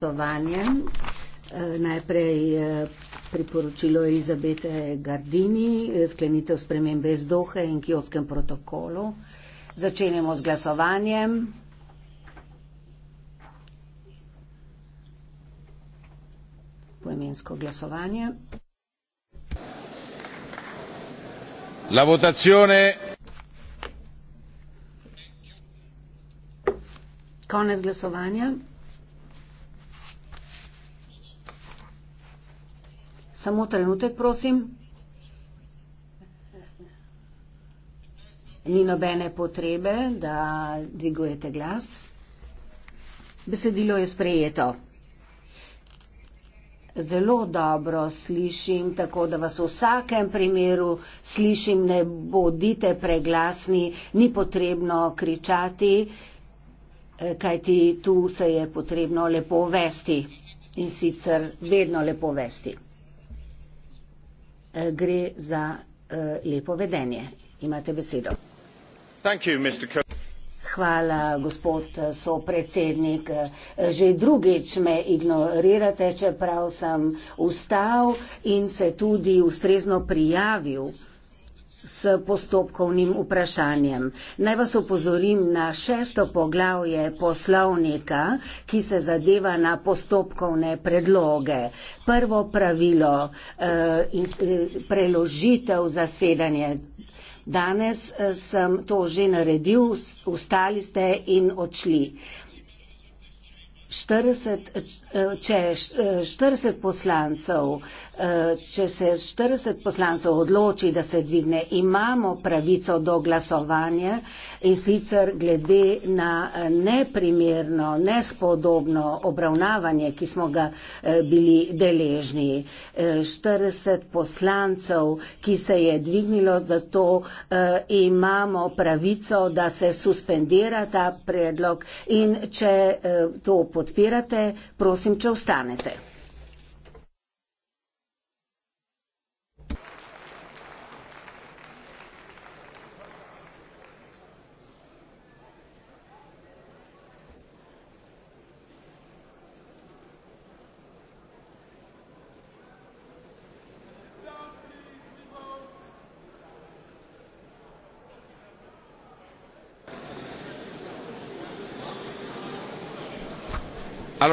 glasovanjem. Eh, najprej eh, priporočilo Elizabete Gardini, eh, sklenitev spremembe iz Dohe in kiotskem protokolu. Začenjamo z glasovanjem. Poimensko glasovanje. La votazione. Konec glasovanja. Samo trenutek, prosim. Ni nobene potrebe, da dvigujete glas. Besedilo je sprejeto. Zelo dobro slišim, tako da vas v vsakem primeru slišim, ne bodite preglasni, ni potrebno kričati, eh, kajti tu se je potrebno lepo vesti in sicer vedno lepo vesti. Eh, gre za eh, lepo vedenje. Imate besedo. Hvala, gospod eh, sopredsednik. Že drugič me ignorirate, čeprav sem ustal in se tudi ustrezno prijavil s postopkovnim vprašanjem. Naj vas opozorim na šesto poglavje poslovnika, ki se zadeva na postopkovne predloge. Prvo pravilo eh, in, eh, preložitev zasedanje. Danes eh, sem to že naredil, ustali ste in odšli. 40, eh, če 40 eh, poslancev, eh, če se 40 poslancev odloči, da se dvigne, imamo pravico do glasovanja in sicer glede na neprimerno, nespodobno obravnavanje, ki smo ga bili deležni. 40 poslancev, ki se je dvignilo, zato imamo pravico, da se suspendira ta predlog in če to podpirate, prosim, če ostanete.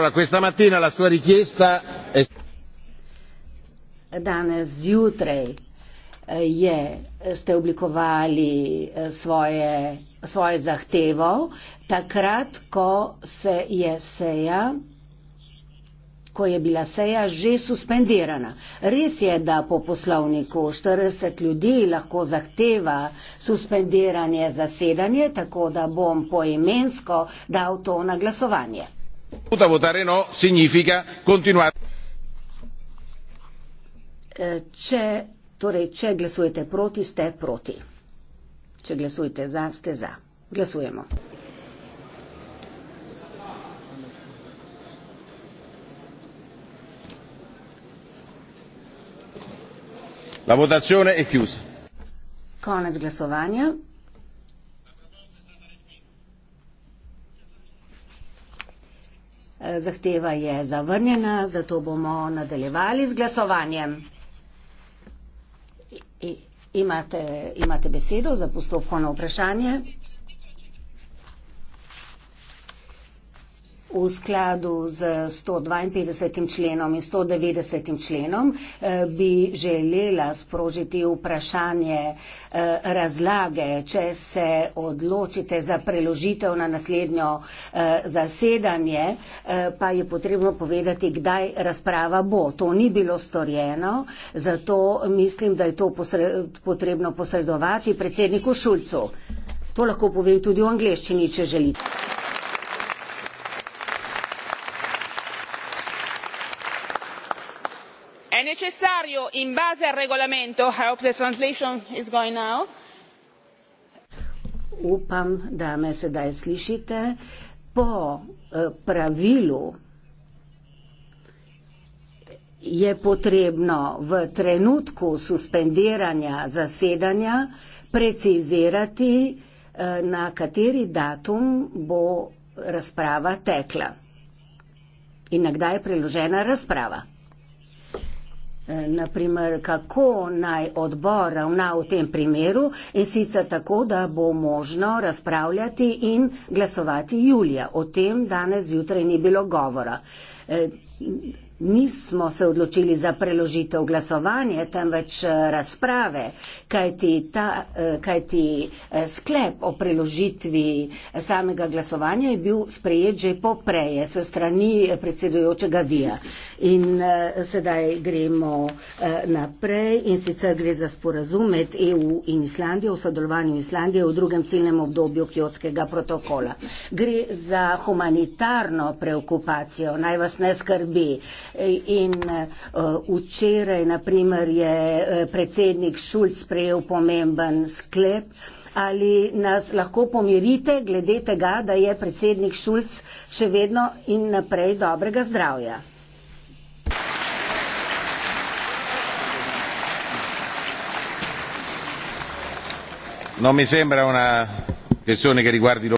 allora questa mattina la sua richiesta è danes jutraj eh, je ste oblikovali eh, svoje, svoje zahtevo takrat, ko se je seja ko je bila seja že suspendirana. Res je, da po poslovniku 40 ljudi lahko zahteva suspendiranje zasedanje, tako da bom poimensko dal to na glasovanje seduta votare no significa continuare. Eh, če, torej, če glasujete proti, ste proti. Če glasujete za, ste za. Glasujemo. La votazione è chiusa. Konec glasovanja. zahteva je zavrnjena, zato bomo nadaljevali z glasovanjem. I, imate, imate besedo za postopkovno vprašanje? v skladu z 152. členom in 190. členom, eh, bi želela sprožiti vprašanje eh, razlage, če se odločite za preložitev na naslednjo eh, zasedanje, pa je potrebno povedati, kdaj razprava bo. To ni bilo storjeno, zato mislim, da je to potrebno posredovati predsedniku Šulcu. To lahko povem tudi v angleščini, če želite. in base al regolamento upam da me sedaj slišite po eh, pravilu je potrebno v trenutku suspendiranja zasedanja precizirati eh, na kateri datum bo razprava tekla in na kdaj je priložena razprava. Eh, Naprimer, kako naj odbor ravna v tem primeru in sicer tako, da bo možno razpravljati in glasovati julija. O tem danes zjutraj ni bilo govora. Eh, Nismo se odločili za preložitev glasovanja, temveč eh, razprave, kajti, ta, eh, kajti eh, sklep o preložitvi samega glasovanja je bil sprejet že popreje se strani predsedujočega Vija. In sedaj gremo naprej in sicer gre za sporazum med EU in Islandijo o sodelovanju Islandije v drugem ciljnem obdobju kjotskega protokola. Gre za humanitarno preokupacijo, naj vas ne skrbi in eh, včeraj, naprimer, je eh, predsednik Šulc sprejel pomemben sklep. Ali nas lahko pomirite glede tega, da je predsednik Šulc še vedno in naprej dobrega zdravja? No, mi sembra una questione che riguardi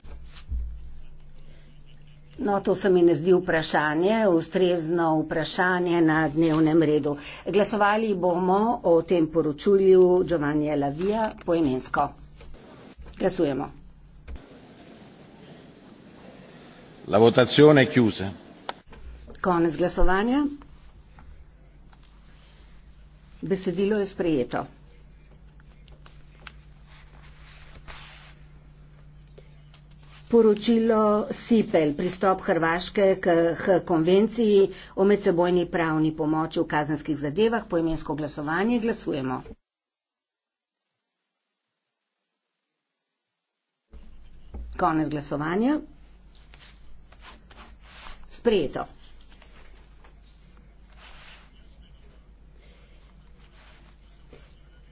No, to se mi ne zdi vprašanje, ustrezno vprašanje na dnevnem redu. Glasovali bomo o tem poročulju Giovanni Lavija poimensko. Glasujemo. La votazione è chiusa. Konec glasovanja. Besedilo je sprejeto. poročilo Sipel, pristop Hrvaške k, k konvenciji o medsebojni pravni pomoči v kazenskih zadevah, poimensko glasovanje, glasujemo. Konec glasovanja. Sprejeto.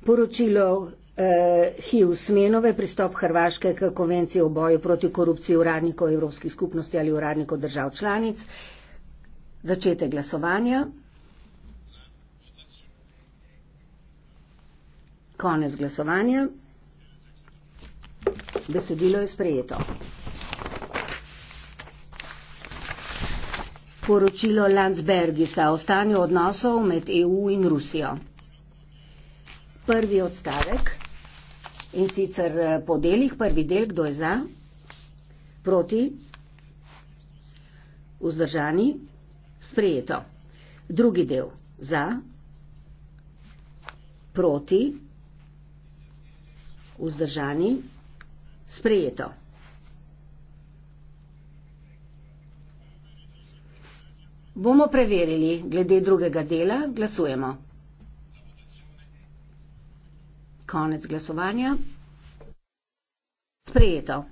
Poročilo eh, HIV Smenove, pristop Hrvaške k konvenciji o boju proti korupciji uradnikov Evropskih skupnosti ali uradnikov držav članic. Začete glasovanja. Konec glasovanja. Besedilo je sprejeto. Poročilo Landsbergisa o stanju odnosov med EU in Rusijo. Prvi odstavek. In sicer eh, po delih, prvi del, kdo je za, proti, vzdržani, sprejeto. Drugi del, za, proti, vzdržani, sprejeto. Bomo preverili glede drugega dela, glasujemo. Konec glasovanja. Sprejeto.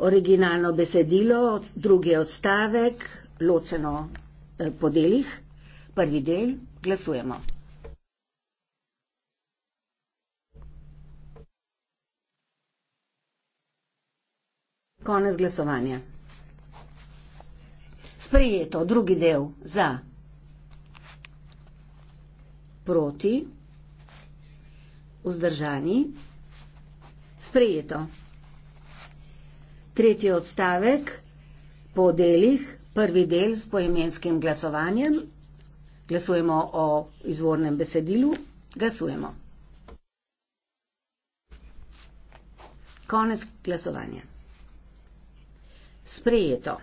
Originalno besedilo, drugi odstavek, ločeno eh, po delih. Prvi del, glasujemo. Konec glasovanja. Sprejeto, drugi del, za proti, vzdržani, sprejeto. Tretji odstavek po delih, prvi del s poimenskim glasovanjem, glasujemo o izvornem besedilu, glasujemo. Konec glasovanja. Sprejeto.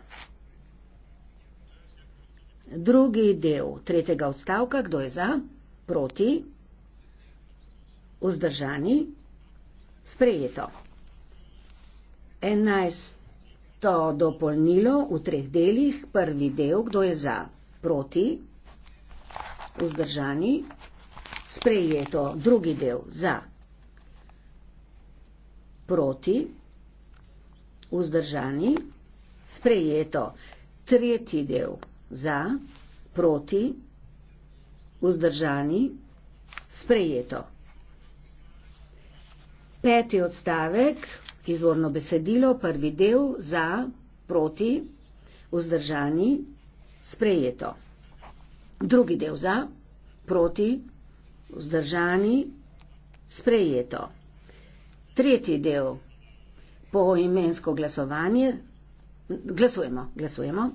Drugi del tretjega odstavka, kdo je za? proti, vzdržani, sprejeto. Enajsto dopolnilo v treh delih, prvi del, kdo je za, proti, vzdržani, sprejeto, drugi del, za, proti, vzdržani, sprejeto, tretji del, za, proti, vzdržani, vzdržani, sprejeto. Peti odstavek, izvorno besedilo, prvi del, za, proti, vzdržani, sprejeto. Drugi del za, proti, vzdržani, sprejeto. Tretji del, po imensko glasovanje, glasujemo, glasujemo.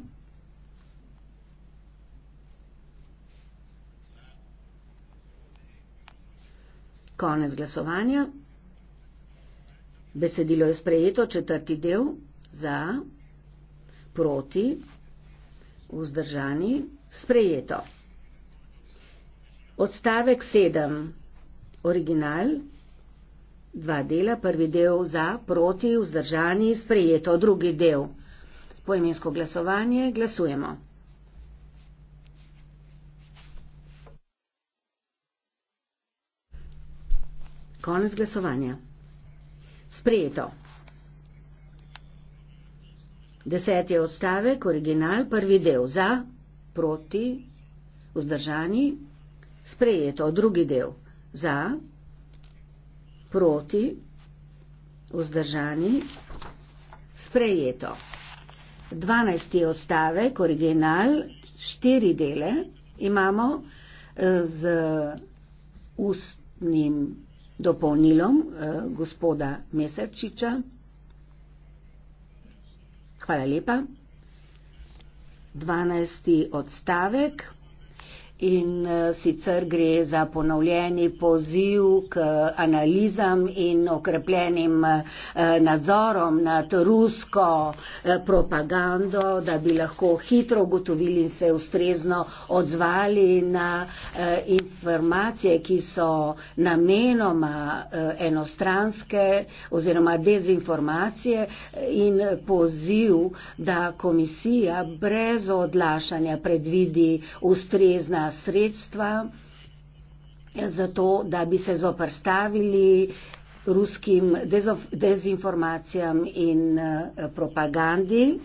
Konec glasovanja. Besedilo je sprejeto, četrti del za, proti, vzdržani, sprejeto. Odstavek 7, original, dva dela, prvi del za, proti, vzdržani, sprejeto, drugi del. Poimensko glasovanje, glasujemo. Konec glasovanja. Sprejeto. Deseti odstavek, original, prvi del za, proti, vzdržani. Sprejeto. Drugi del za, proti, vzdržani. Sprejeto. Dvanajsti odstavek, original, štiri dele imamo eh, z ustnim dopolnilom eh, gospoda Mesečiča. Hvala lepa. 12. odstavek in eh, sicer gre za ponovljeni poziv k analizam in okrepljenim eh, nadzorom nad rusko eh, propagando, da bi lahko hitro ugotovili in se ustrezno odzvali na informacije, ki so namenoma enostranske oziroma dezinformacije in poziv, da komisija brez odlašanja predvidi ustrezna sredstva eh, za to, da bi se zoprstavili ruskim dezinformacijam in eh, propagandi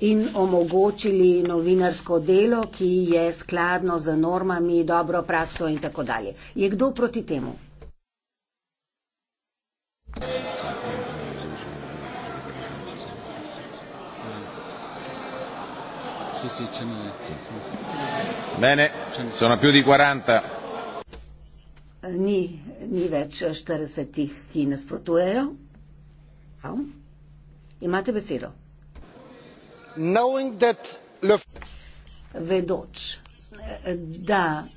in omogočili novinarsko delo, ki je skladno z normami, dobro prakso in tako dalje. Je kdo proti temu? Se sjećam na Bene, sono più di 40. Ni, ni več 40, ki nasprotujejo. Imate besedo. That... Vedoč, da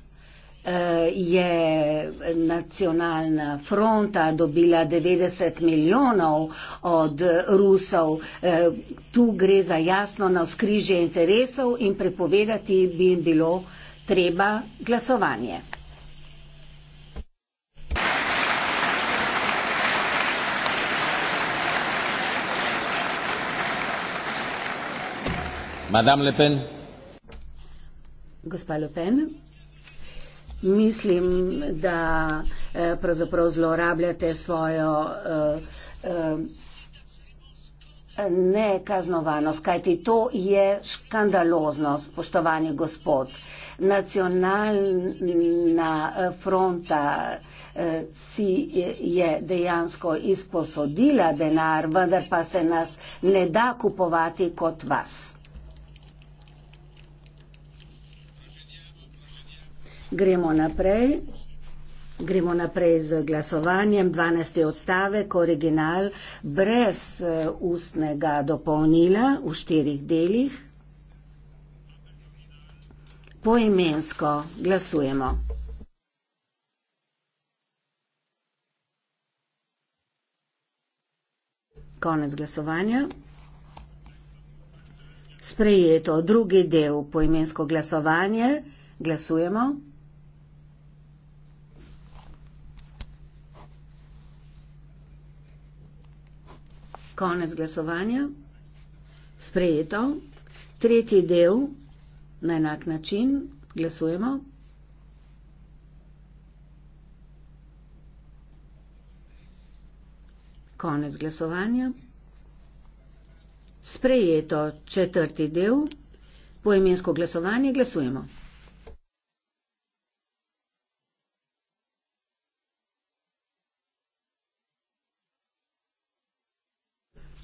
Eh, je nacionalna fronta dobila 90 milijonov od Rusov. Eh, tu gre za jasno na skrižje interesov in prepovedati bi jim bilo treba glasovanje. Madame Le Pen. Gospa Le Pen mislim, da eh, pravzaprav zlorabljate svojo eh, eh, nekaznovanost, kajti to je škandalozno, spoštovani gospod. Nacionalna eh, fronta eh, si je dejansko izposodila denar, vendar pa se nas ne da kupovati kot vas. Gremo naprej. Gremo naprej z glasovanjem. 12. odstavek, original, brez eh, ustnega dopolnila v štirih delih. Poimensko glasujemo. Konec glasovanja. Sprejeto drugi del poimensko glasovanje. Glasujemo. Konec glasovanja. Sprejeto. Tretji del na enak način. Glasujemo. Konec glasovanja. Sprejeto. Četrti del. Poimensko glasovanje. Glasujemo.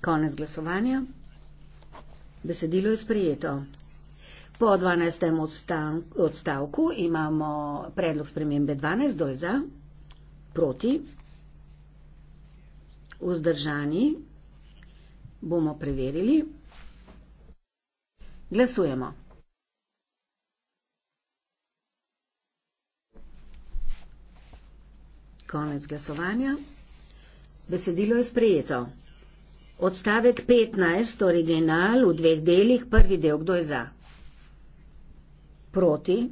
Konec glasovanja. Besedilo je sprejeto. Po 12. odstavku imamo predlog spremembe 12. Kdo je za? Proti? Vzdržani? Bomo preverili. Glasujemo. Konec glasovanja. Besedilo je sprejeto. Odstavek 15, original v dveh delih, prvi del, kdo je za? Proti,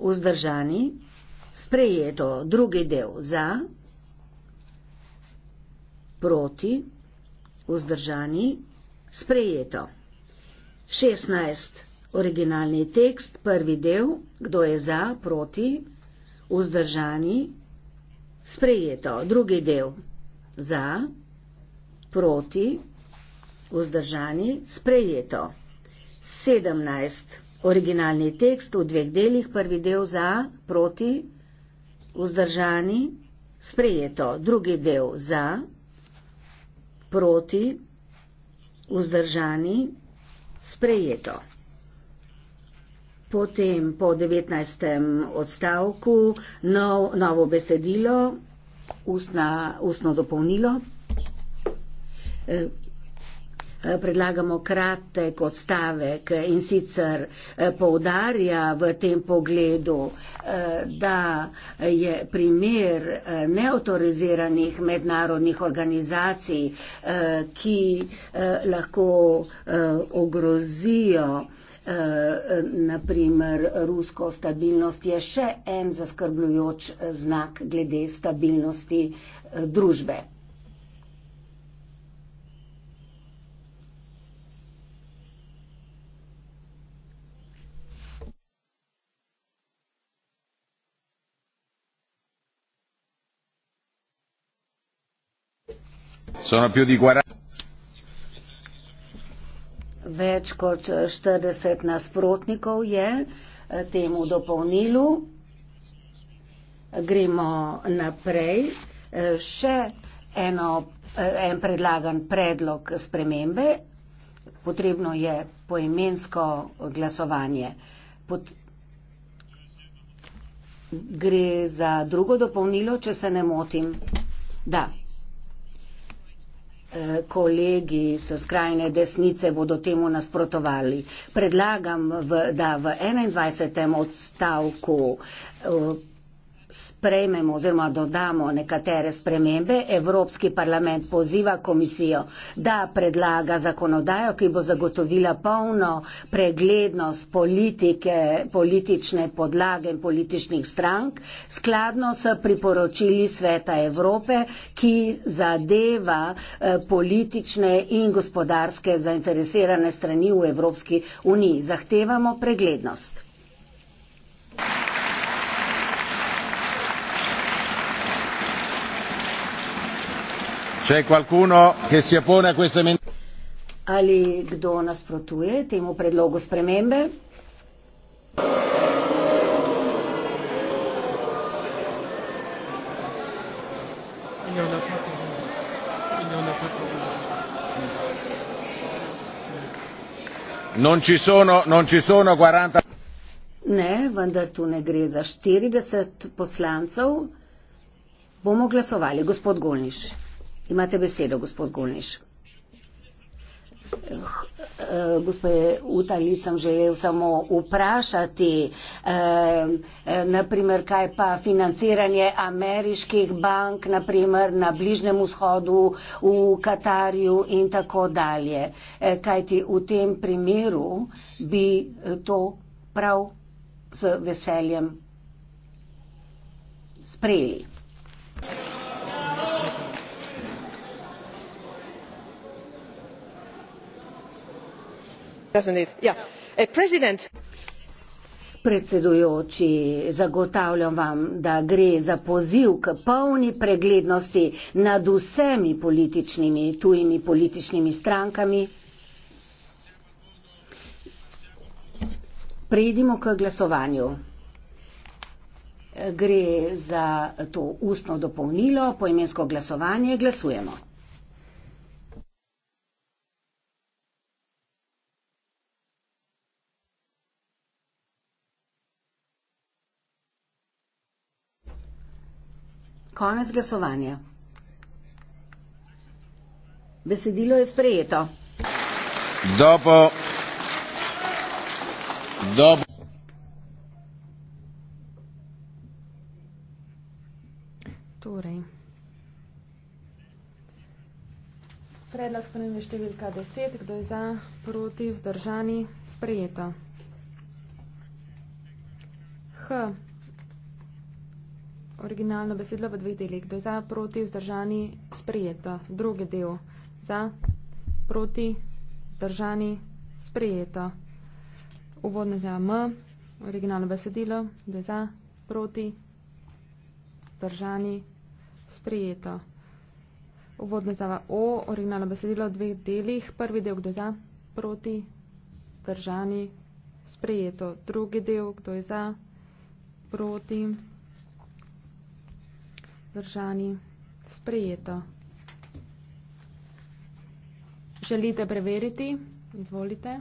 vzdržani, sprejeto, drugi del, za, proti, vzdržani, sprejeto. 16, originalni tekst, prvi del, kdo je za, proti, vzdržani, sprejeto, drugi del, za, proti, vzdržani, sprejeto proti, vzdržani, sprejeto. 17. Originalni tekst v dveh delih, prvi del za, proti, vzdržani, sprejeto. Drugi del za, proti, vzdržani, sprejeto. Potem po 19. odstavku nov, novo besedilo, ustna, ustno dopolnilo. Eh, predlagamo kratek odstavek in sicer eh, poudarja v tem pogledu, eh, da je primer neautoriziranih mednarodnih organizacij, ki lahko ogrozijo naprimer rusko stabilnost, je še en zaskrbljujoč znak glede stabilnosti družbe. Več kot 40 nasprotnikov je eh, temu dopolnilu. Gremo naprej. Eh, še eno, eh, en predlagan predlog spremembe. Potrebno je poimensko glasovanje. Pot Gre za drugo dopolnilo, če se ne motim. Da. Eh, kolegi s skrajne desnice bodo temu nasprotovali. Predlagam, v, da v 21. odstavku eh, sprejmemo oziroma dodamo nekatere spremembe, Evropski parlament poziva komisijo, da predlaga zakonodajo, ki bo zagotovila polno preglednost politike, politične podlage in političnih strank, skladno s priporočili Sveta Evrope, ki zadeva eh, politične in gospodarske zainteresirane strani v Evropski uniji. Zahtevamo preglednost. C'è qualcuno che si oppone a questo emendamento? Ali kdo nasprotuje temu predlogu spremembe? Non ci sono, non ci sono 40... Ne, vendar tu ne gre za 40 poslancev. Bomo glasovali, gospod Golniš. Imate besedo, gospod Guniš. Eh, gospe Utali sem želel samo vprašati, eh, eh, naprimer, kaj pa financiranje ameriških bank, naprimer na Bližnem vzhodu, v Katarju in tako dalje. Kaj ti v tem primeru bi to prav z veseljem sprejeli? Uh, predsedujoči zagotavljam vam da gre za poziv k polni preglednosti nad vsemi političnimi tujimi političnimi strankami Prejdimo k glasovanju. Gre za to ustno dopolnilo, poimensko glasovanje, glasujemo. Konec glasovanja. Besedilo je sprejeto. Dopo. Dopo. Torej. Predlog spremembe številka 10, kdo je za, proti, vzdržani, sprejeto. H originalno besedilo v dveh delih. Kdo je za, proti, vzdržani, sprejeto. Drugi del. Za, proti, vzdržani, sprejeto. Uvodno za M, originalno besedilo. Kdo je za, proti, vzdržani, sprejeto. Uvodno za O, originalno besedilo v dveh delih. Prvi del, kdo je za, proti, vzdržani, sprejeto. Drugi del, kdo je za, proti, vzdržani, sprejeto. Zdržani. Sprejeto. Želite preveriti? Izvolite.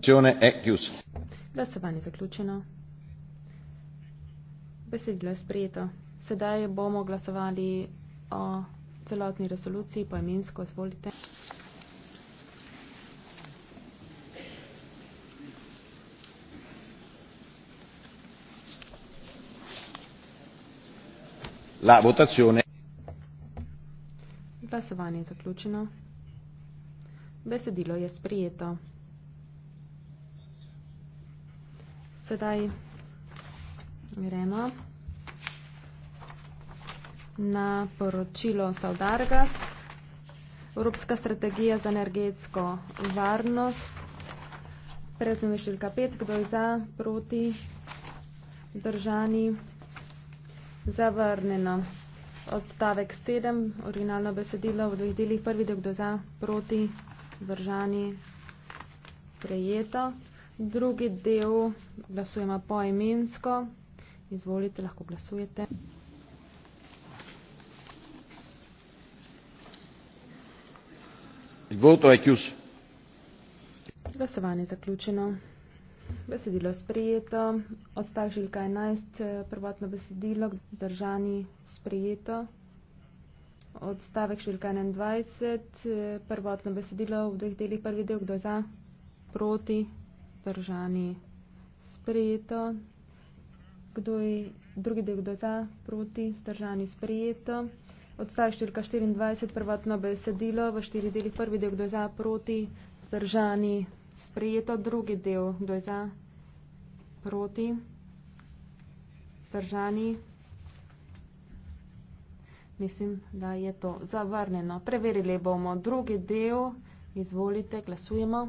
Glasovanje je chiuso. Glasovanje zaključeno. Besedilo je sprejeto. Sedaj bomo glasovali o celotni resoluciji poimensko. Izvolite. la votazione. Glasovanje je zaključeno. Besedilo je sprijeto. Sedaj gremo na poročilo Saudargas. Evropska strategija za energetsko varnost. Predzumeštilka 5. Kdo je za proti držani? zavrnjeno. Odstavek 7, originalno besedilo v dveh delih, prvi del kdo za, proti, vržani, sprejeto. Drugi del glasujemo poimensko. Izvolite, lahko glasujete. Il voto è chiuso. Glasovanje je zaključeno. Besedilo je sprejeto, odstavek žilka 11, prvotno besedilo, držani sprejeto. Odstavek žilka 21, prvotno besedilo v dveh delih, prvi del, kdo za, proti, držani sprejeto. Kdo je drugi del, kdo za, proti, držani sprejeto. Odstavek žilka 24, prvotno besedilo v štirih delih, prvi del, kdo za, proti, držani sprejeto sprejeto drugi del, kdo je za, proti, držani, mislim, da je to zavrneno. Preverili bomo drugi del, izvolite, glasujemo.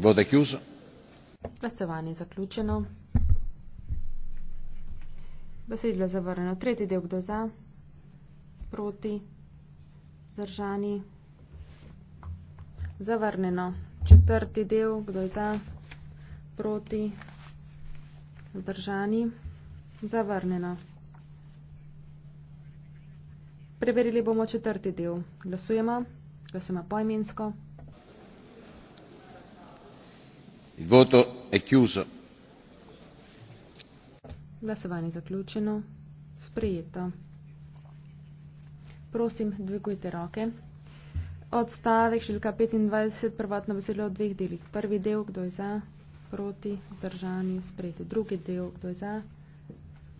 Vode Kjus. Glasovanje zaključeno. Besedilo zavrneno. Tretji del, kdo za, proti, zdržani. Zavrnjeno. Četrti del, kdo je za, proti, zdržani, zavrnjeno. Preverili bomo četrti del. Glasujemo, glasujemo poimensko. Il voto è chiuso. Glasovanje zaključeno. Sprejeto. Prosim, dvigujte roke odstavek številka 25, prvotno veselje o dveh delih. Prvi del, kdo je za, proti, držani, sprejeti. Drugi del, kdo je za,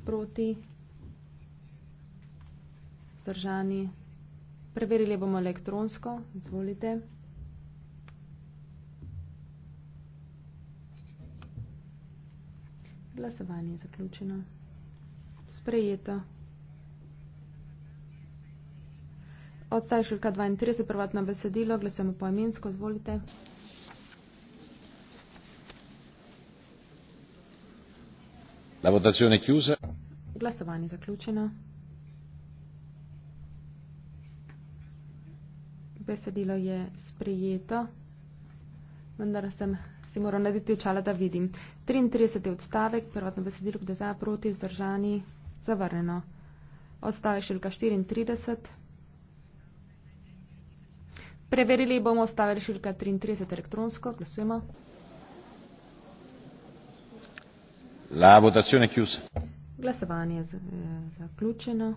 proti, zdržani. Preverili bomo elektronsko, izvolite. Glasovanje je zaključeno. Sprejeto. Od stajšilka 32, prvatno besedilo, glasujemo po imensko, zvolite. La votazione chiusa. Glasovanje zaključeno. Besedilo je sprejeto, vendar sem si moral narediti očala, da vidim. 33. odstavek, prvotno besedilo, kde za proti, zdržani, zavrneno. Odstavek šilka 34. Preverili bomo stave rešilka 33 elektronsko. Glasujemo. La votazione chiusa. Glasovanje je eh, zaključeno.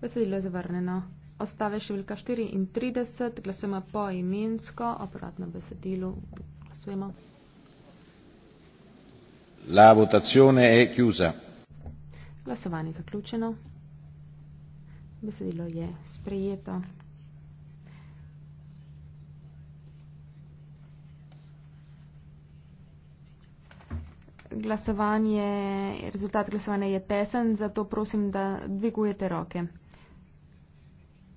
Veselilo je zavrneno. Ostave številka 34, glasujemo po imensko, operatno besedilo, glasujemo. La votazione je chiusa. Glasovanje je zaključeno. Besedilo je sprejeto. glasovanje, rezultat glasovanja je tesen, zato prosim, da dvigujete roke.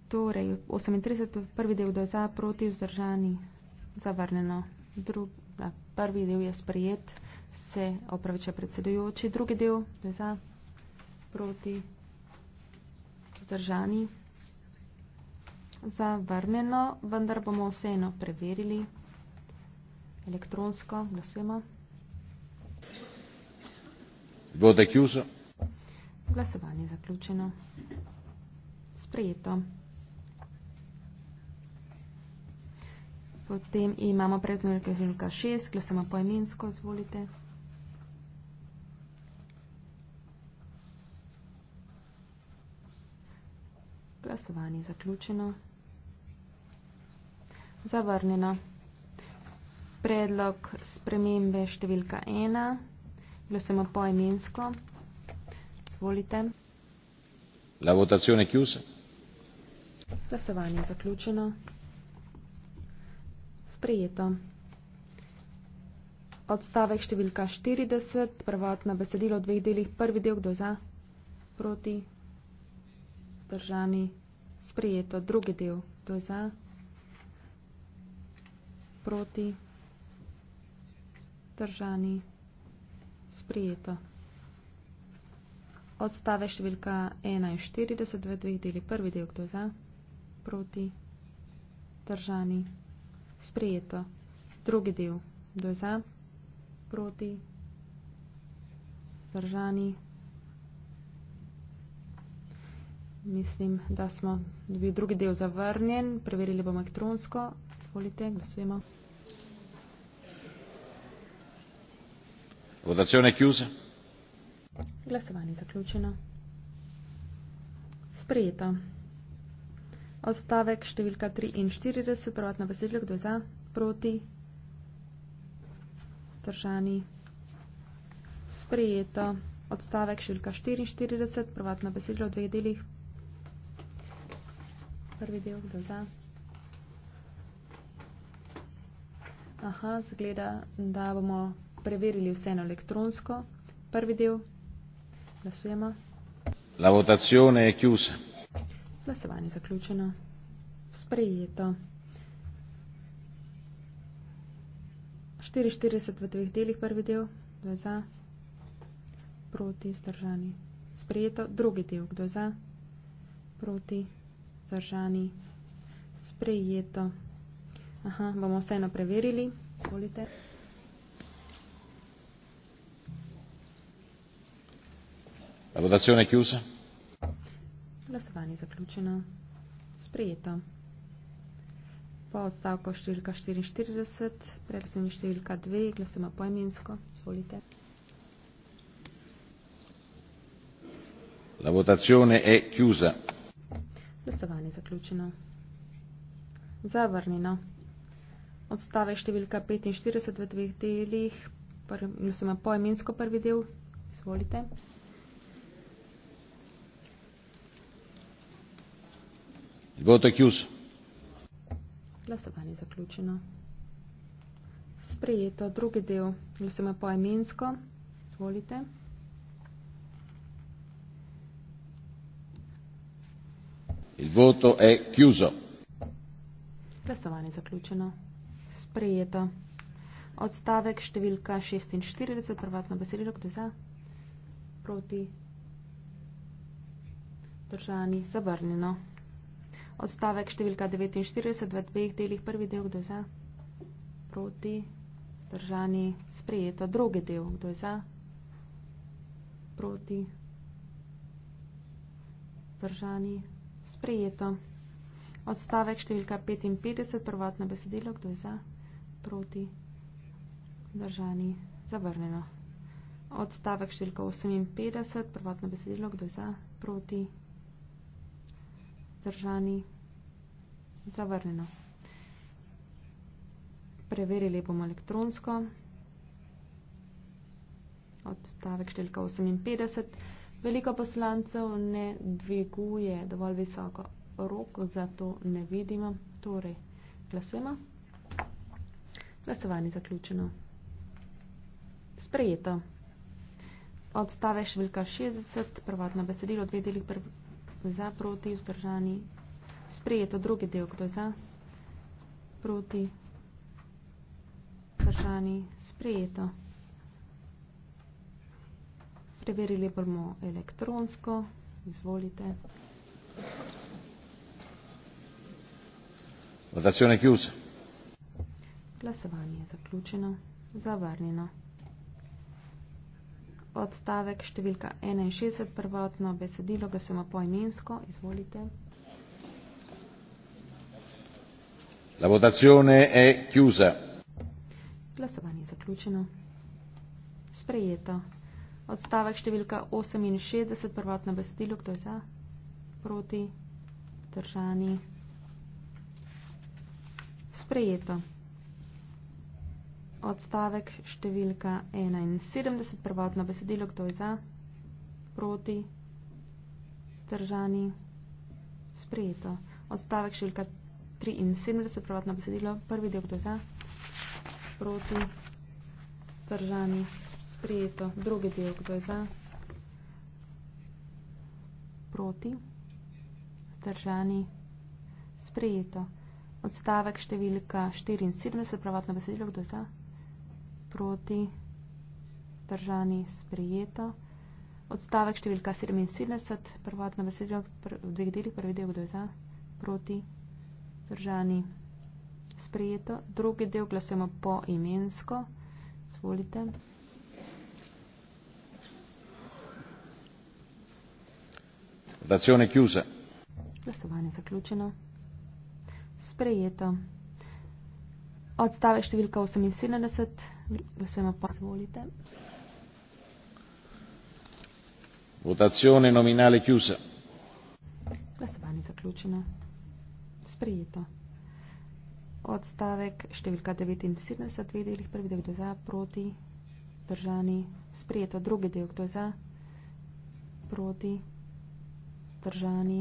Torej, 38, prvi del do za, proti vzdržani, zavrneno. Drug, da, prvi del je sprejet, se opraviče predsedujoči. Drugi del do za, proti vzdržani, zavrneno, vendar bomo vseeno preverili elektronsko. Glasujemo vote chiuso glasovanje zaključeno sprejeto potem imamo predmnika želka šest glasoma poimensko izvolite glasovanje zaključeno zavrnjeno predlog spremembe številka ena Glasiamo poi Minsko. Svolite. La votazione è chiusa. Glasovanje zaključeno. Sprejeto. Odstavek številka 40, prvotno besedilo v dveh delih, prvi del, kdo za, proti, držani, sprejeto, drugi del, kdo za, proti, držani sprijeto. Odstave številka 41 v dveh deli. Prvi del, kdo za, proti, držani, sprijeto. Drugi del, kdo za, proti, držani. Mislim, da smo bil drugi del zavrnjen. Preverili bomo elektronsko. Zvolite, glasujemo. votazione è chiusa glasovanje zaključeno sprejeto odstavek številka 43 prvotno besedilo kdo za proti držani sprejeto odstavek številka 44 prvotno besedilo v dveh delih prvi del kdo za aha zgleda da bomo preverili vseeno elektronsko. Prvi del. Glasujemo. La votazione è chiusa. Glasovanje zaključeno. Sprejeto. 44 v dveh delih prvi del. Kdo je za? Proti zdržani. Sprejeto. Drugi del. Kdo je za? Proti zdržani. Sprejeto. Aha, bomo vseeno preverili. Izvolite. La votazione è chiusa. Glasovanje je zaključeno. Sprejeto. Po stavko številka 44, predvsem številka 2, glasujemo poimensko. Zvolite. La votazione è chiusa. Glasovanje je zaključeno. Zavrnjeno. Odstave številka 45 v dveh delih, glasujemo poimensko prvi del. Zvolite. Glasovanje zaključeno. Sprejeto. Drugi del. Glasujemo po imensko. Zvolite. Il voto è chiuso. Glasovanje zaključeno. Sprejeto. Odstavek številka 46, prvotno besedilo, kdo je za? Proti. Držani. Zavrnjeno. Odstavek številka 49 v dveh delih. Prvi del, kdo je za? Proti. Zdržani. Sprejeto. Drugi del, kdo je za? Proti. Zdržani. Sprejeto. Odstavek številka 55. Prvotno besedilo, kdo je za? Proti. Zdržani. Zavrneno. Odstavek številka 58. Prvotno besedilo, kdo je za? Proti. Zdržani. Zdržani. Zavrnjeno. Preverili bomo elektronsko. Odstavek številka 58. Veliko poslancev ne dviguje dovolj visoko rok, zato ne vidimo. Torej, glasujemo. Glasovanje zaključeno. Sprejeto. Odstavek številka 60. Prvotno besedilo dve delih prvih za, proti, vzdržani. Sprejeto drugi del, kdo je za, proti, vzdržani, sprejeto. Preverili bomo elektronsko, izvolite. Votazione chiusa. Glasovanje je zaključeno, zavrnjeno odstavek številka 61, prvotno besedilo, glasujemo po imensko, izvolite. La votazione è chiusa. Glasovanje je zaključeno. Sprejeto. Odstavek številka 68, prvotno besedilo, kdo je za? Proti? Držani? Sprejeto odstavek številka 71, prvotno besedilo, kdo je za, proti, zdržani, sprejeto. Odstavek številka 73, prvotno besedilo, prvi del, kdo je za, proti, zdržani, sprejeto. Drugi del, kdo je za, proti, zdržani, sprejeto. Odstavek številka 74, prvotno besedilo, kdo je za, proti, zdržani, sprejeto proti, zdržani sprijeto. Odstavek številka 77, prvotno besedilo v dveh delih, prvi del, kdo je za, proti, zdržani sprijeto. Drugi del glasujemo po imensko. Zvolite. Votazione chiusa. Glasovanje zaključeno. Sprejeto. Odstavek številka 78 glasujemo pa izvolite votazione nominale chiusa glasovanje zaključeno sprejeto odstavek številka devetinsedemdeset dve delih prvi del kdo za proti zdržani sprejeto drugi del kdo za proti zdržani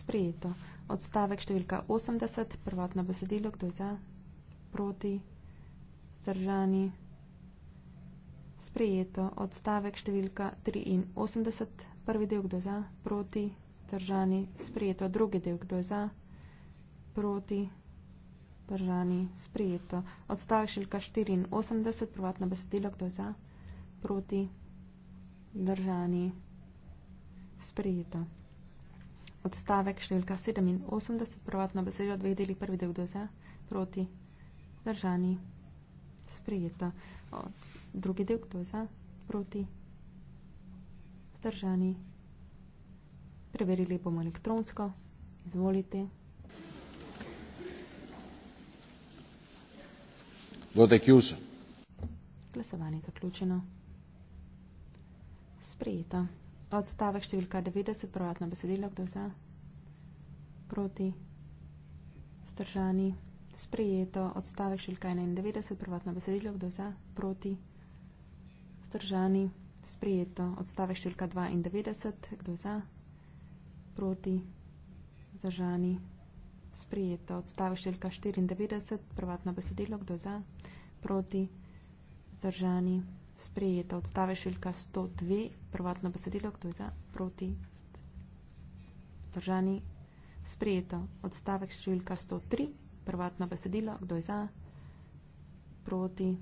sprejeto odstavek številka osemdeset prvotno besedilo kdo za proti vzdržani. Sprejeto odstavek številka 83, prvi del kdo za, proti, vzdržani. Sprejeto drugi del kdo za, proti, vzdržani. Sprejeto odstavek številka 84, prvatno besedilo kdo za, proti, vzdržani. Sprejeto. Odstavek številka 87, prvotno besedilo dveh delih, prvi del kdo za, proti, držani sprejeta. Od drugi del, kdo je za, proti, vzdržani. Preverili bomo elektronsko. Izvolite. Vodekjusa. Glasovanje zaključeno. Sprejeta. Odstavek številka 90, pravatno besedilo, kdo je za, proti, vzdržani sprejeto odstavek šilka 91, prvotno besedilo, kdo za, proti, stržani, sprejeto odstavek šilka 92, kdo za, proti, stržani, sprejeto odstavek šilka 94, prvotno besedilo, kdo za, proti, stržani, sprejeto odstavek šilka 102, prvotno besedilo, kdo za, proti, stržani, sprejeto odstavek šilka 103, prvotno besedilo, kdo je za, proti,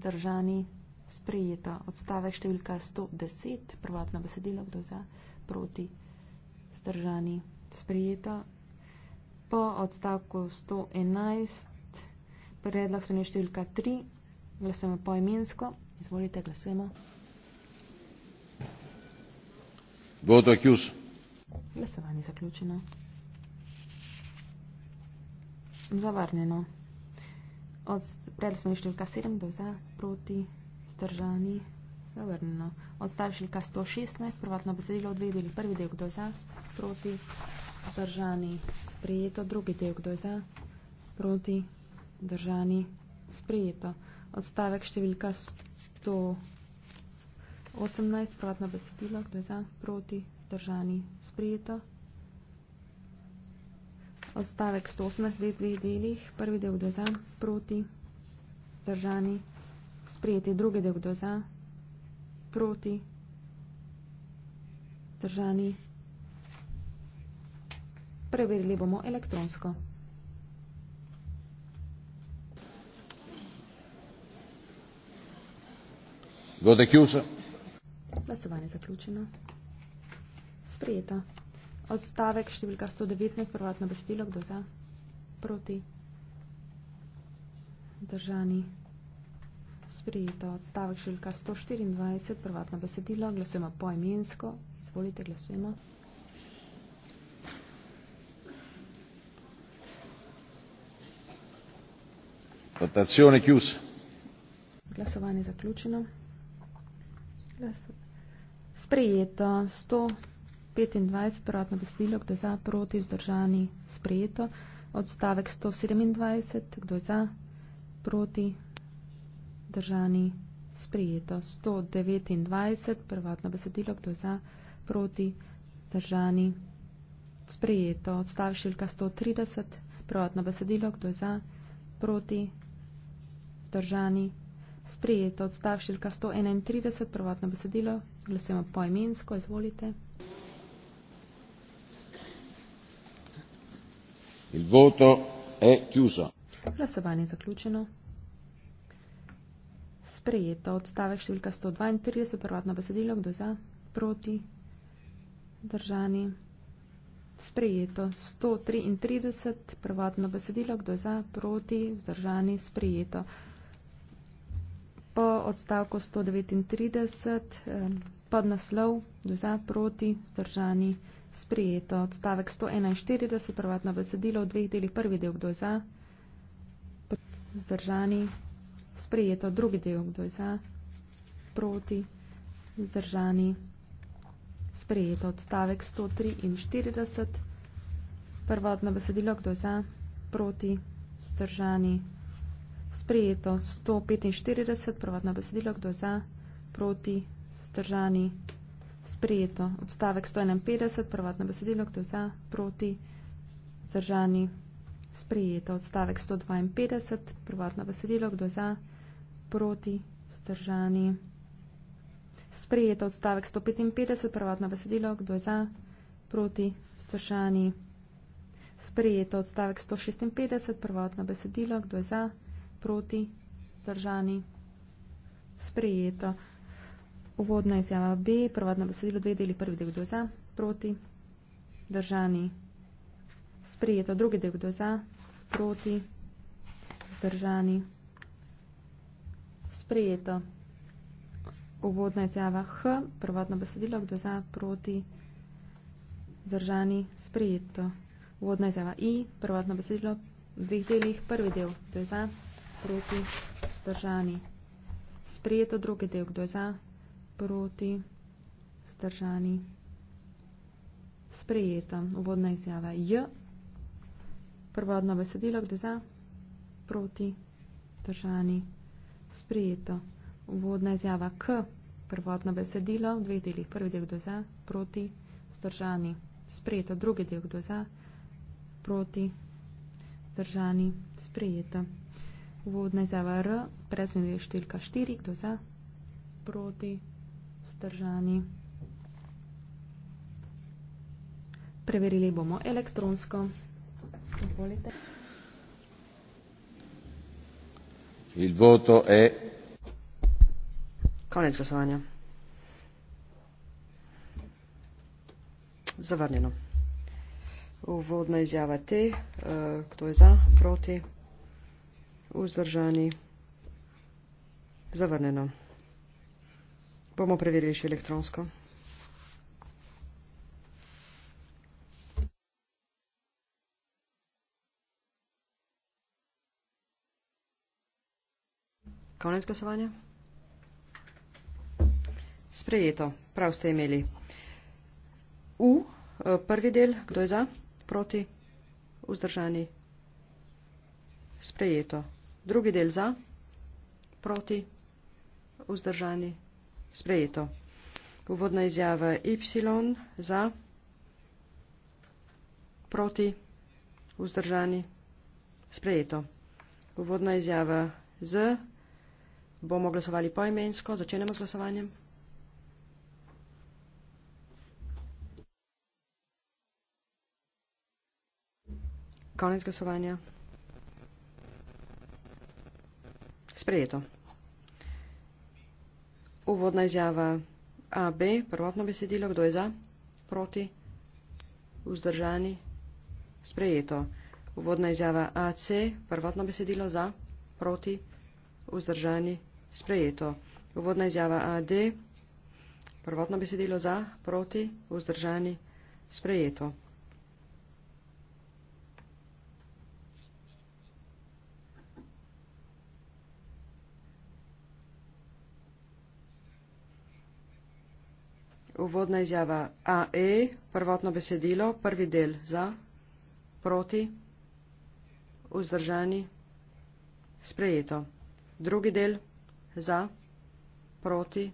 držani, sprejeto. Odstavek številka 110, prvotno besedilo, kdo je za, proti, zdržani, sprejeto. Po odstavku 111, predlog spremenja številka 3, glasujemo poimensko. Izvolite, glasujemo. Voto je kjus. Glasovanje zaključeno. Zavrnjeno. Od, prejeli smo številka 7 do za, proti, zdržani, zavrnjeno. Odstav številka 116, prvotno besedilo odvedeli prvi del do za, proti, zdržani, sprejeto, drugi del do za, proti, zdržani, sprejeto. Odstavek številka 118, prvotno besedilo, kdo je za, proti, zdržani, sprejeto odstavek 118 v dveh delih, prvi del doza proti, zdržani, sprejeti drugi del doza proti, zdržani. Preverili bomo elektronsko. Glasovanje zaključeno. Sprejeto. Odstavek številka 119, prvotno besedilo, kdo za? Proti. Držani. Sprijeto. Odstavek številka 124, prvotno besedilo, glasujemo poimensko. Izvolite, glasujemo. Votazione chiusa. Glasovanje zaključeno. Glas... Sprijeto. 100. 25, prvotno besedilo, kdo je za, proti, vzdržani, sprejeto. Odstavek 127, kdo je za, proti, vzdržani, sprejeto. 129, prvotno besedilo, kdo je za, proti, vzdržani, sprejeto. Odstavek šilka 130, prvotno besedilo, kdo je za, proti, vzdržani, sprejeto. Odstavek šilka 131, prvotno besedilo, glasujemo poimensko, izvolite. Il voto è chiuso. Glasovanje je zaključeno. Sprejeto odstavek številka 132, prvotno besedilo, kdo za, proti, držani. Sprejeto 133, prvotno besedilo, kdo za, proti, vzdržani, sprejeto. Po odstavku 139, eh, podnaslov, kdo za, proti, vzdržani sprijeto. Odstavek 141, prvotno besedilo v dveh delih, prvi del kdo je za, zdržani, sprijeto, drugi del kdo je za, proti, zdržani, sprijeto. Odstavek 143, prvotno besedilo kdo je za, proti, zdržani, sprijeto. 145, prvotno besedilo kdo je za, proti, zdržani, sprijeto. Sprejeto. Odstavek 151, prvotno besedilo, kdo za, proti, zdržani. Sprejeto. Odstavek 152, prvotno besedilo, kdo za, proti, vzdržani. Sprejeto. Odstavek 155, prvotno besedilo, kdo za, proti, vzdržani. Sprejeto. Odstavek 156, prvotno besedilo, kdo za, proti, vzdržani. Sprejeto. Uvodna izjava B, prvotno besedilo, dve deli, prvi del kdo za, proti, držani, sprijeto, drugi del kdo za, proti, zdržani, sprijeto. Uvodna izjava H, prvotno besedilo, kdo za, proti, zdržani, sprijeto. Uvodna izjava I, prvotno besedilo, dveh delih, prvi del, kdo za, proti, zdržani, sprijeto, drugi del, kdo za, proti, zdržani proti, zdržani, sprejeta. Uvodna izjava J. Prvodno besedilo, kde za, proti, zdržani, sprejeto. Uvodna izjava K. Prvodno besedilo, v dveh delih. Prvi del, kdo za, proti, zdržani, sprejeto. Drugi del, kdo za, proti, zdržani, sprejeto. Uvodna izjava R. Prezmeni številka 4, kdo za, proti, zdržani vzdržani. Preverili bomo elektronsko. Izvolite. Il voto è... Konec glasovanja. Zavrnjeno. Uvodna izjava te, eh, kdo je za, proti, vzdržani, zavrnjeno. Bomo preverili še elektronsko. Konec glasovanja. Sprejeto. Prav ste imeli. U, eh, prvi del, kdo je za, proti, vzdržani. Sprejeto. Drugi del za, proti, vzdržani sprejeto. Uvodna izjava Y za, proti, vzdržani, sprejeto. Uvodna izjava Z, bomo glasovali poimensko, začenemo z glasovanjem. Konec glasovanja. Sprejeto. Uvodna izjava AB, prvotno besedilo, kdo je za, proti, vzdržani, sprejeto. Uvodna izjava AC, prvotno besedilo za, proti, vzdržani, sprejeto. Uvodna izjava AD, prvotno besedilo za, proti, vzdržani, sprejeto. Uvodna izjava AE, prvotno besedilo, prvi del za, proti, vzdržani, sprejeto. Drugi del za, proti,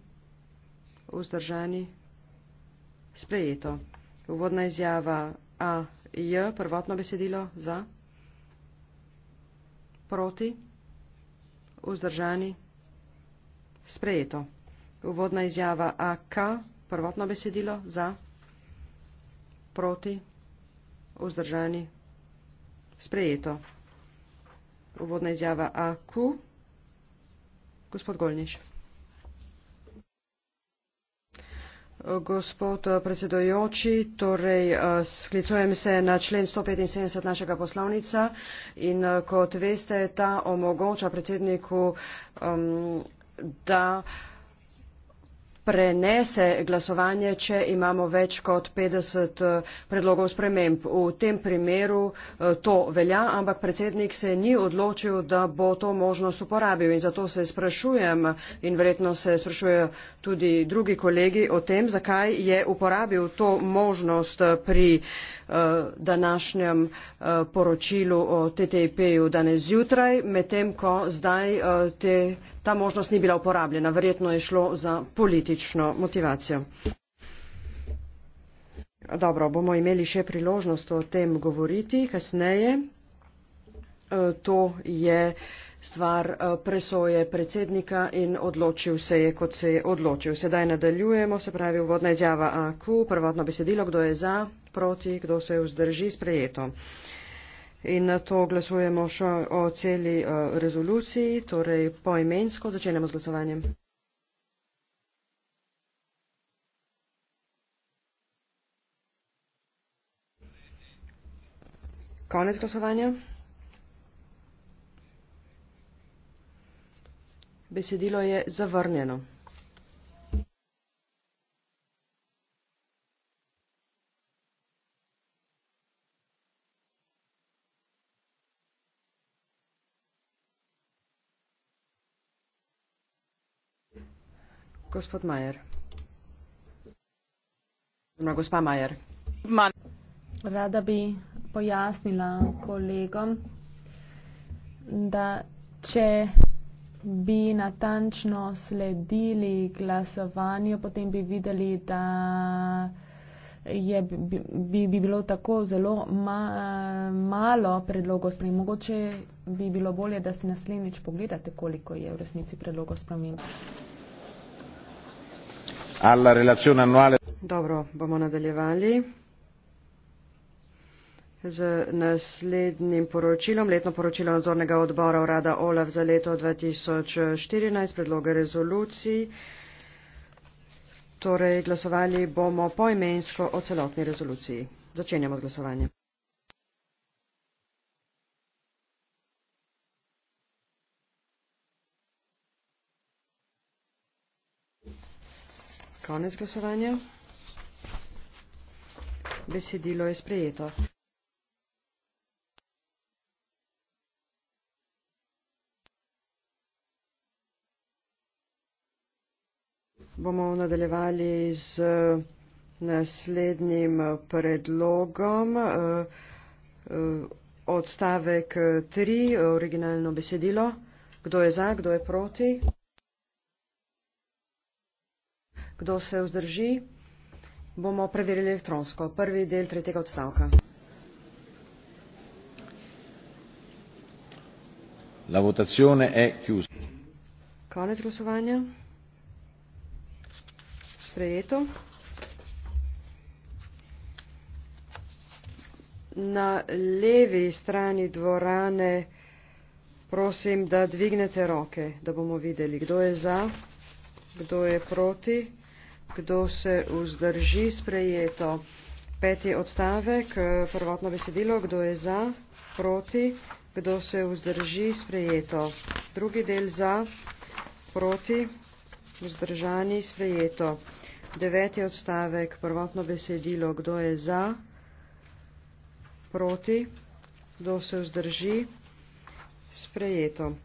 vzdržani, sprejeto. Uvodna izjava AJ, prvotno besedilo, za, proti, vzdržani, sprejeto. Uvodna izjava AK, prvotno besedilo, za, proti, vzdržani, sprejeto prvotno besedilo za, proti, vzdržani, sprejeto. Uvodna izjava AQ, gospod Golniš. Gospod predsedojoči, torej eh, sklicujem se na člen 175 našega poslovnica in eh, kot veste, ta omogoča predsedniku, da prenese glasovanje, če imamo več kot 50 eh, predlogov sprememb. V tem primeru eh, to velja, ampak predsednik se ni odločil, da bo to možnost uporabil. In zato se sprašujem in verjetno se sprašujejo tudi drugi kolegi o tem, zakaj je uporabil to možnost pri Eh, današnjem eh, poročilu o TTIP-ju danes zjutraj, medtem ko zdaj eh, te, ta možnost ni bila uporabljena. Verjetno je šlo za politično motivacijo. Dobro, bomo imeli še priložnost o tem govoriti kasneje. To je uh, stvar eh, presoje predsednika in odločil se je, kot se je odločil. Sedaj nadaljujemo, se pravi uvodna izjava AQ, prvotno besedilo, kdo je za, proti, kdo se vzdrži, sprejeto. In na to glasujemo še o celi uh, rezoluciji, torej poimensko začenjamo z glasovanjem. Konec glasovanja. Besedilo je zavrnjeno. Gospod Majer. No, gospa Majer. Man. Rada bi pojasnila kolegom, da če bi natančno sledili glasovanju, potem bi videli, da je, bi, bi bilo tako zelo ma, malo predlogov sprememb. Mogoče bi bilo bolje, da si naslednjič pogledate, koliko je v resnici predlogov sprememb. Dobro, bomo nadaljevali. Z naslednjim poročilom, letno poročilo nadzornega odbora urada OLAF za leto 2014, predloge rezolucij. Torej, glasovali bomo poimensko o celotni rezoluciji. Začenjamo z glasovanjem. Konec glasovanja. Besedilo je sprejeto. bomo nadaljevali z eh, naslednjim eh, predlogom. Eh, odstavek 3, originalno besedilo. Kdo je za, kdo je proti? Kdo se vzdrži? Bomo preverili elektronsko. Prvi del tretjega odstavka. La votazione è chiusa. Konec glasovanja sprejeto. Na levi strani dvorane prosim, da dvignete roke, da bomo videli, kdo je za, kdo je proti, kdo se vzdrži sprejeto. Peti odstavek, prvotno besedilo, kdo je za, proti, kdo se vzdrži sprejeto. Drugi del za, proti, vzdržani sprejeto deveti odstavek, prvotno besedilo, kdo je za, proti, kdo se vzdrži, sprejeto.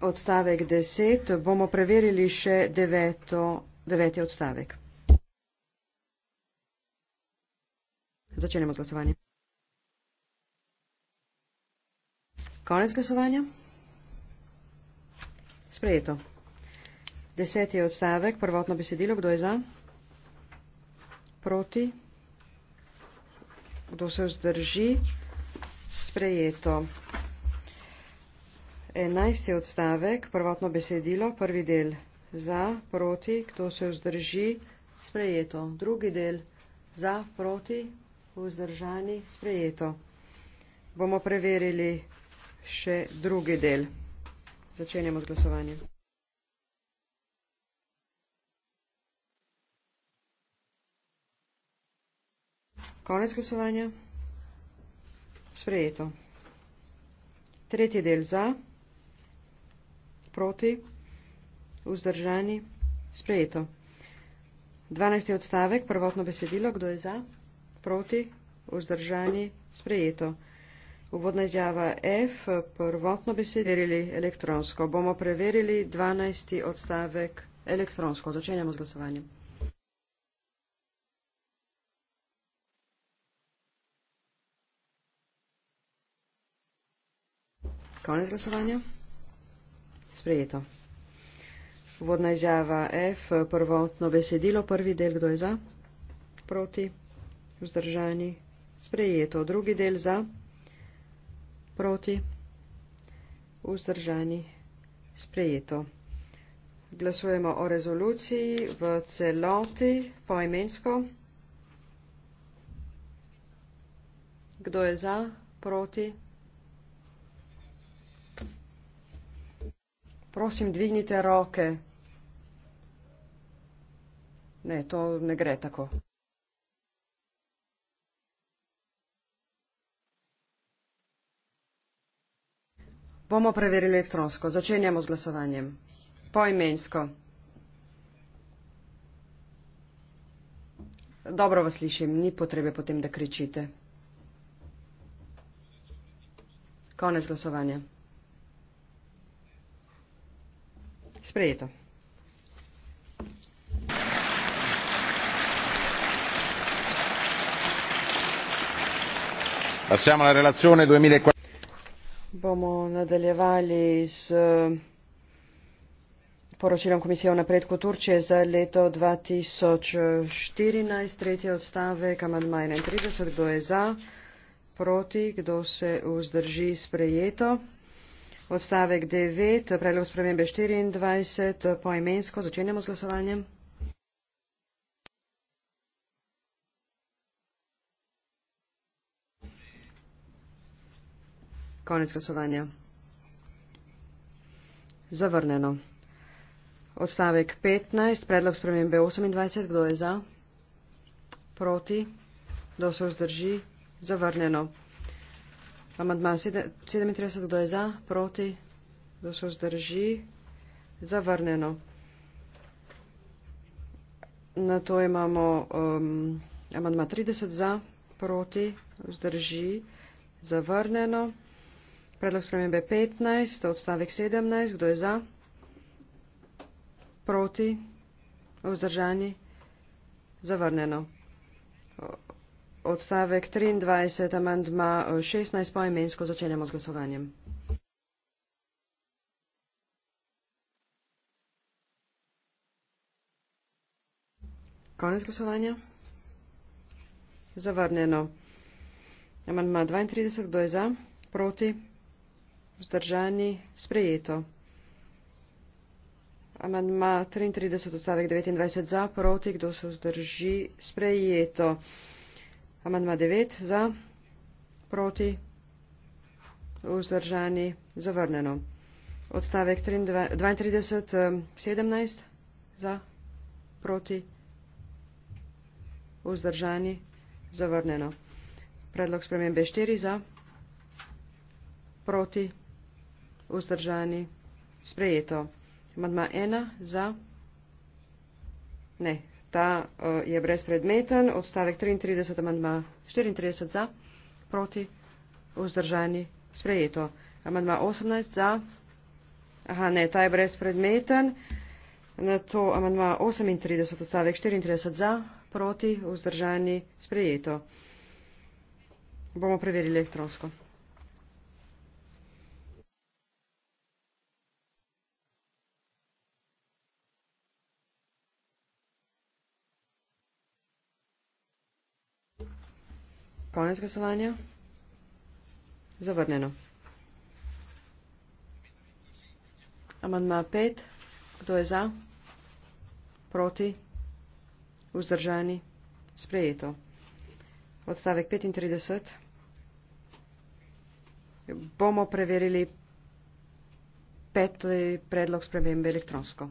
Odstavek deset, bomo preverili še deveto, deveti odstavek. Začenjamo glasovanje. Konec glasovanja. Sprejeto. Deseti odstavek, prvotno besedilo, kdo je za? proti. Kdo se vzdrži? Sprejeto. Enajsti odstavek, prvotno besedilo, prvi del za, proti, kdo se vzdrži, sprejeto. Drugi del za, proti, vzdržani, sprejeto. Bomo preverili še drugi del. Začenjamo z glasovanjem. Konec glasovanja. Sprejeto. Tretji del za, proti, vzdržani, sprejeto. Dvanajsti odstavek, prvotno besedilo, kdo je za, proti, vzdržani, sprejeto. Uvodna izjava F, prvotno besedilo, elektronsko. Bomo preverili dvanajsti odstavek elektronsko. Začenjamo z glasovanjem. Konec glasovanja. Sprejeto. Vodna izjava F, prvotno besedilo, prvi del, kdo je za? Proti. Vzdržani. Sprejeto. Drugi del za? Proti. Vzdržani. Sprejeto. Glasujemo o rezoluciji v celoti poimensko. Kdo je za? Proti. Prosim, dvignite roke. Ne, to ne gre tako. Bomo preverili elektronsko. Začenjamo z glasovanjem. Poimensko. Dobro vas slišim, ni potrebe potem, da kričite. Konec glasovanja. sprejeto. Passiamo alla relazione 2004. Bomo nadaljevali s poročilom Komisije o napredku Turčije za leto 2014, tretji odstavek, amandma 31, kdo je za, proti, kdo se vzdrži sprejeto odstavek 9, predlog spremembe 24, poimensko začenjamo z glasovanjem. Konec glasovanja. Zavrneno. Odstavek 15, predlog spremembe 28, kdo je za? Proti? Kdo se vzdrži? Zavrneno. Amandma 37, kdo je za, proti, kdo se vzdrži, zavrneno. Na to imamo um, amandma 30 za, proti, vzdrži, zavrneno. Predlog spremembe 15, odstavek 17, kdo je za, proti, vzdržani, zavrneno odstavek 23, amandma 16 eh, poimensko začenjamo z glasovanjem. Konec glasovanja? Zavrnjeno. Amandma 32, kdo je za? Proti? Vzdržani? Sprejeto. Amandma 33, odstavek 29, za? Proti? Kdo se vzdrži? Sprejeto. Amandma 9 za, proti, vzdržani, zavrneno. Odstavek 32, 17 za, proti, vzdržani, zavrneno. Predlog spremembe 4 za, proti, vzdržani, sprejeto. Amandma 1 za, ne, Ta uh, je brezpredmeten. Odstavek 33, amantma 34 za, proti, vzdržani, sprejeto. Amantma 18 za. Aha, ne, ta je brezpredmeten. Na to amantma 38, odstavek 34 za, proti, vzdržani, sprejeto. Bomo preverili elektronsko. konec glasovanja zavrnjeno amandma pet kdo je za proti vzdržani sprejeto odstavek 35 bomo preverili peti predlog spremembe elektronsko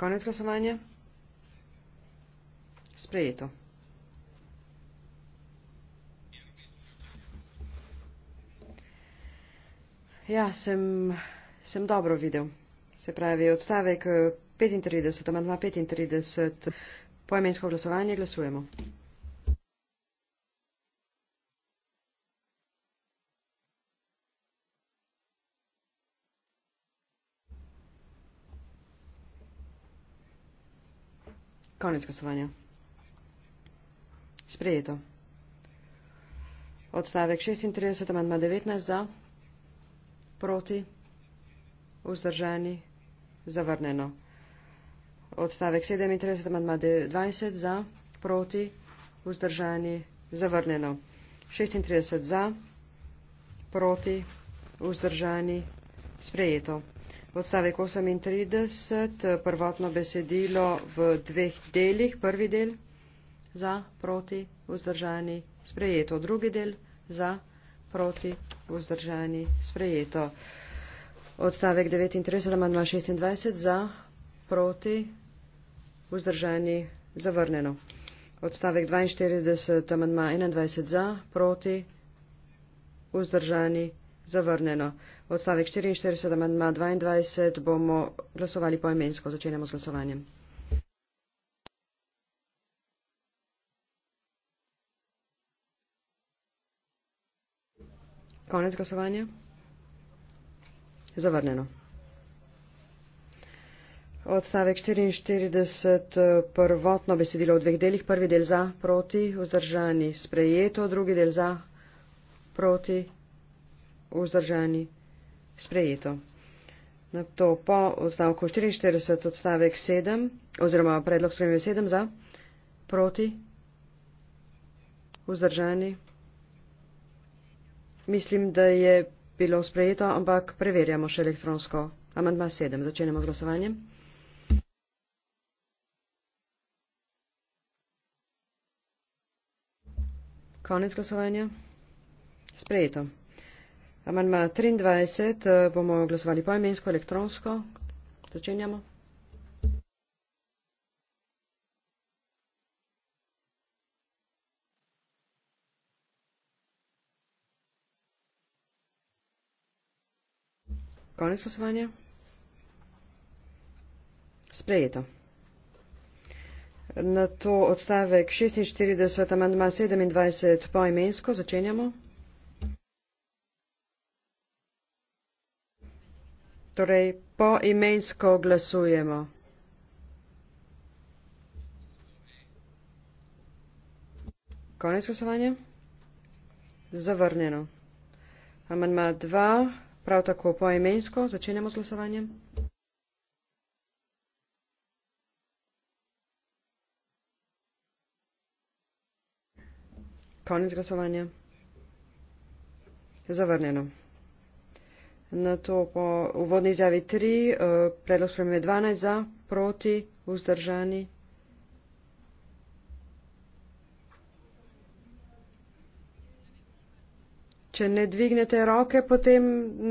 Konec glasovanja. Sprejeto. Ja, sem, sem dobro videl. Se pravi, odstavek 35, amantma 35, poemensko glasovanje, glasujemo. Konec glasovanja. Sprejeto. Odstavek 36, amandma 19 za, proti, vzdržani, zavrneno. Odstavek 37, amandma 20 za, proti, vzdržani, zavrneno. 36 za, proti, vzdržani, sprejeto odstavek 38, prvotno besedilo v dveh delih, prvi del za, proti, vzdržani, sprejeto, drugi del za, proti, vzdržani, sprejeto. Odstavek 39, amandma 26, za, proti, vzdržani, zavrnjeno. Odstavek 42, amandma 21, za, proti, vzdržani, sprejeto. Zavrnjeno. Odstavek 44, amandma 22 bomo glasovali poimensko. Začenjamo z glasovanjem. Konec glasovanja. Zavrnjeno. Odstavek 44, prvotno besedilo v dveh delih. Prvi del za, proti, vzdržani, sprejeto, drugi del za, proti, vzdržani, sprejeto. Na to po odstavku 44 odstavek 7 oziroma predlog spremembe 7 za, proti, vzdržani. Mislim, da je bilo sprejeto, ampak preverjamo še elektronsko. Amandma 7. Začenjamo z glasovanjem. Konec glasovanja. Sprejeto. Amandma 23 eh, bomo glasovali poimensko, elektronsko. Začenjamo. Konec glasovanja. Sprejeto. Na to odstavek 46, amandma 27 poimensko. Začenjamo. torej poimensko glasujemo. Konec glasovanja? Zavrnjeno. Amandma 2, prav tako poimensko, začenjamo z glasovanjem. Konec glasovanja. Zavrnjeno. Na to po uvodni izjavi 3, eh, predlog spremembe 12 za, proti, vzdržani. Če ne dvignete roke, potem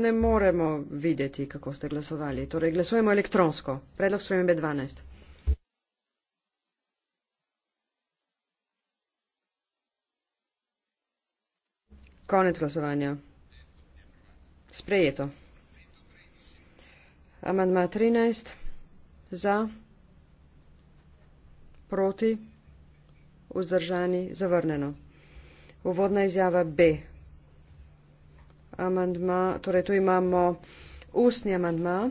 ne moremo videti, kako ste glasovali. Torej, glasujemo elektronsko. Predlog spremembe 12. Konec glasovanja sprejeto. Amandma 13 za, proti, vzdržani, zavrnjeno. Uvodna izjava B. Amandma, torej tu imamo ustni amandma.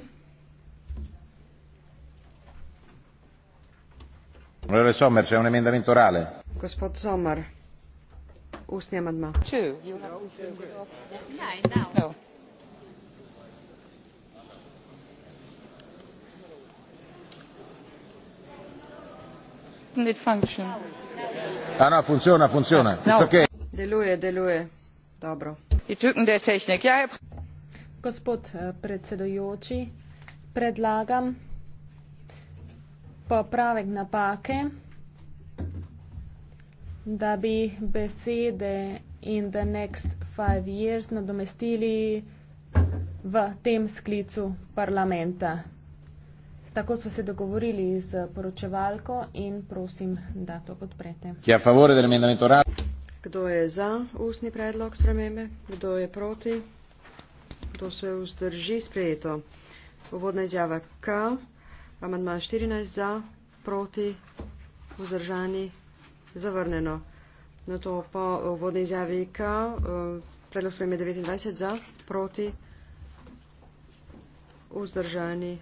Onorevole Sommer, c'è un emendamento orale. Gospod Sommer, ustni amandma. Two. You have... no, no. gospod eh, predsedujoči predlagam popravek napake da bi besede in the next five years nadomestili v tem sklicu parlamenta. Tako smo se dogovorili z poročevalko in prosim, da to podprete. Kdo je za ustni predlog spremembe? Kdo je proti? Kdo se vzdrži sprejeto? Uvodna izjava K. Amandma 14 za, proti, vzdržani, zavrneno. Na to pa uvodna izjava K. Eh, predlog spremembe 29 za, proti, vzdržani,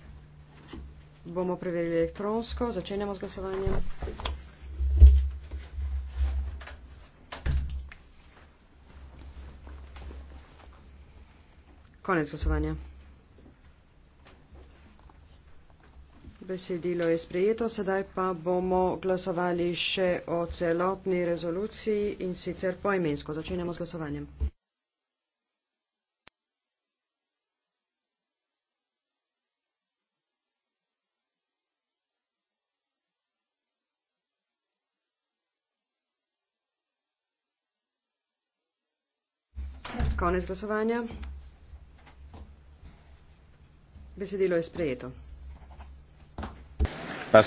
Bomo preverili elektronsko. Začenjamo z glasovanjem. Konec glasovanja. Besedilo je sprejeto, sedaj pa bomo glasovali še o celotni rezoluciji in sicer poimensko. Začenjamo z glasovanjem. konec glasovanja. Besedilo je sprejeto. Pa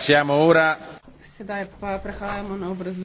Sedaj pa prehajamo na obrazložitev.